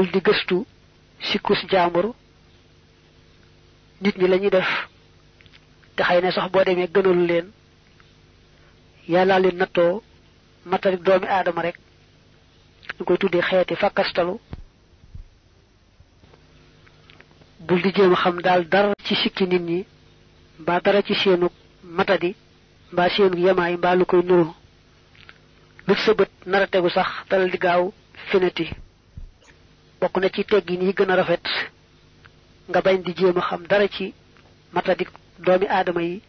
bul di gëstu sikkus jaambur nit ñi lañuy def te xëy na sax boo demee gënalu leen yàllaa leen nattoo matari doomi aadama rekk ñu koy tuddee xeeti fakkastalu bul di jéem a xam daal dara ci sikki nit ñi mbaa dara ci seenug matadi mbaa seenug yamaay mbaa lu koy nuru lu sa bët tegu sax dalal di gaaw fenati bokk na ci teggin yi gën a rafet nga bañ di jéem a xam dara ci matadik doomi aadama yi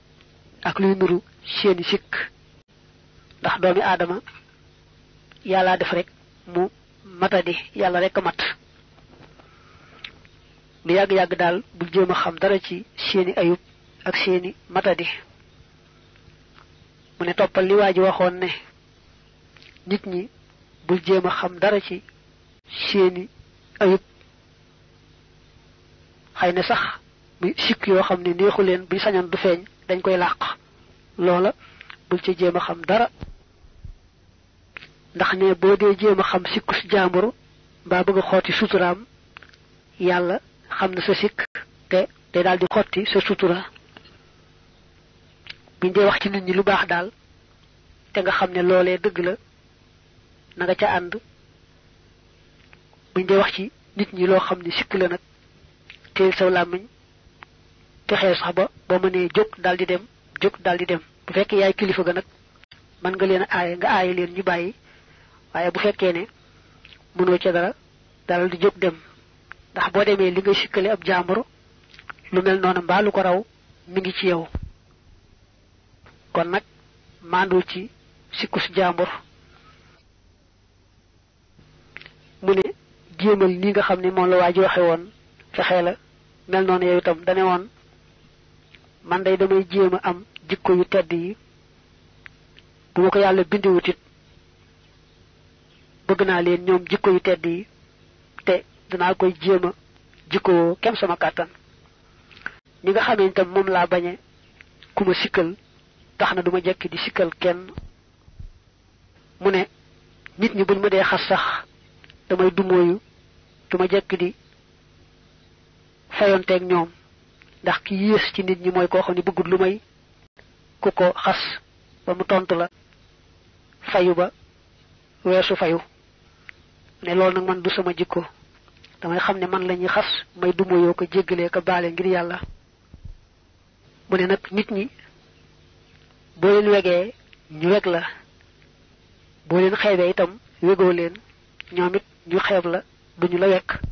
ak luy nuru seeni sikk ndax doomi aadama yàllaa def rek mu matadi yàlla rek a mat lu yàgg-yàgg daal bul jéem a xam dara ci seeni ayub ak seeni matadi mu ne toppal li waa ji waxoon ne nit ñi bul jéem a xam dara ci seeni ayib xëy na sax muy sikk yoo xam ne neexu leen buñ sañoon du feeñ dañ koy làq loola bul ci jéem xam dara ndax ne boo dee jéem xam sikkus jaambur mbaa bëgg a xooti suturaam yàlla xam na sa sikk te day daal di xotti sa sutura buñ dee wax ci nit ñi lu baax daal te nga xam ne loolee dëgg la na ca ànd buñ dee wax ci nit ñi loo xam ne sikk la nag teel saw làmmiñ fexee sax ba boo mënee jóg daal di dem jóg daal di dem bu fekkee kilifa ga nag mën nga leen aaye nga ñu bàyyi waaye bu fekkee ne mënoo ca dara dalal di jóg dem ndax boo demee li ngay sikkale ab jaambur lu mel noonu mbaa ko raw mi ngi ci yow kon nag maandul ci sikkus jaambur jéemal ni nga xam ne moom la waaj waxe woon fexee la mel noonu yow itam dane woon man day damay jéem am jikko yu tedd yi bu ma ko yàlla bindiwutit bëgg naa leen ñoom jikko yu tedd yi te danaa koy jéem a jikkoo kem sama kàttan ni nga xamee itam moom laa bañe ku ma sikkal tax jekki di sikkal kenn mu ne nit ñi buñ ma dee sax damay dumooyu duma jekk di fayonteeg ñoom ndax ki yées ci nit ñi mooy koo xam ne bëggut lu may ku ko xas ba mu tontu la fayu ba weesu fayu ne loolu nag man du sama jikko damay xam ne man la ñuy xas may dumoyoo ko jéggalee ko baale ngir yàlla mu ne nag nit ñi boo leen wegee ñu weg la boo leen xeebee itam wegoo leen ñoom it ñu xeeb la duñu la wekk